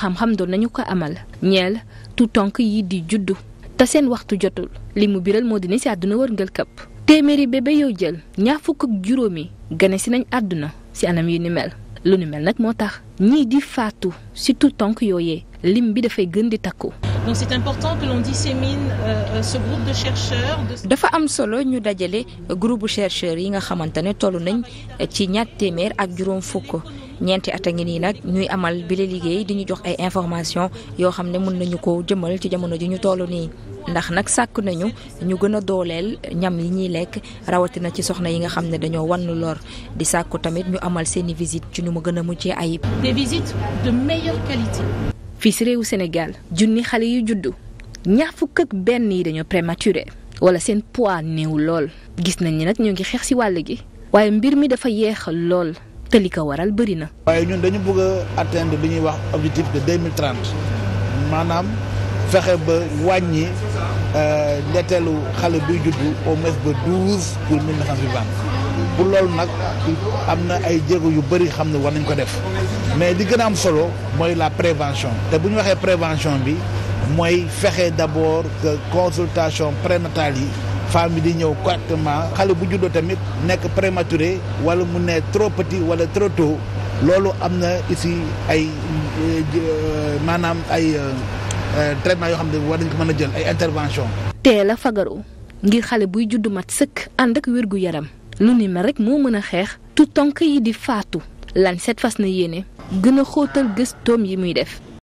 xam-xam doon nañu ko amal ñeel tu tonk yi di juddu te seen waxtu jotul li mu biral moo dina ci àdduna wërngal këpp téeméeri bébé yow jël ñaar fukk ak juróomi gane si nañ àdduna ci anam yu ni mel lu ni mel nag moo tax ñii di faatu ci tu tonk yooyee lim bi dafay gën di takku. donc c'est important que l'on dissémine euh, euh, ce groupe de chercheurs. dafa am solo ñu dajale groupe chercheurs yi nga xamante ne toll nañ ci ñaar téeméer ak juróom fukk ñeenti at a ngi nii nag ñuy amal bile liggéey di ñu jox ay information yoo xam ne mën nañu ko jëmal ci jamono ji ñu toll nii. ndax nag sàkk nañu ñu gëna a dooleel ñam yi ñuy lekk rawatina ci soxna yi nga xam ne dañoo wannu lor di sàkku tamit ñu amal seeni visite ci ñu ma gëna a muccee ayib. des fii si réewu Sénégal junni xale yu juddu ñaar fukk benn yi dañoo prématuré wala seen poids néew lool gis nañ ni nag ñoo ngi xeex ci wàll gi waaye mbir mi dafa yeex lool te li ko waral bëri na. waaye ñun dañu bëgg a atteindre li ñuy wax objectif de deux mille trente maanaam fexe ba wàññi euh, ñetteelu xale buy juddu au ba pour loolu nag am na ay jéego yu bëri xam ne war nañ ko def mais li gën a am solo mooy la prévention te bu ñu waxee prévention bi mooy fexe d'abord que consultation prénatale yi femme bi di ñëw correctement xale bu juddoo tamit nekk prématuré wala mu ne trop petit wala trop tôt loolu am na ici ay euh, maanaam ay euh, euh, traitement yoo xam ne war nañ ko mën a jël ay intervention teel a fagaru ngir xale buy juddu mat sëkk ànd ak wér gu yaram lu ni ma rek moo mën a xeex tu tonk yi di faatu Lancet fas na yéene gën a xóotal gëstoom yi muy def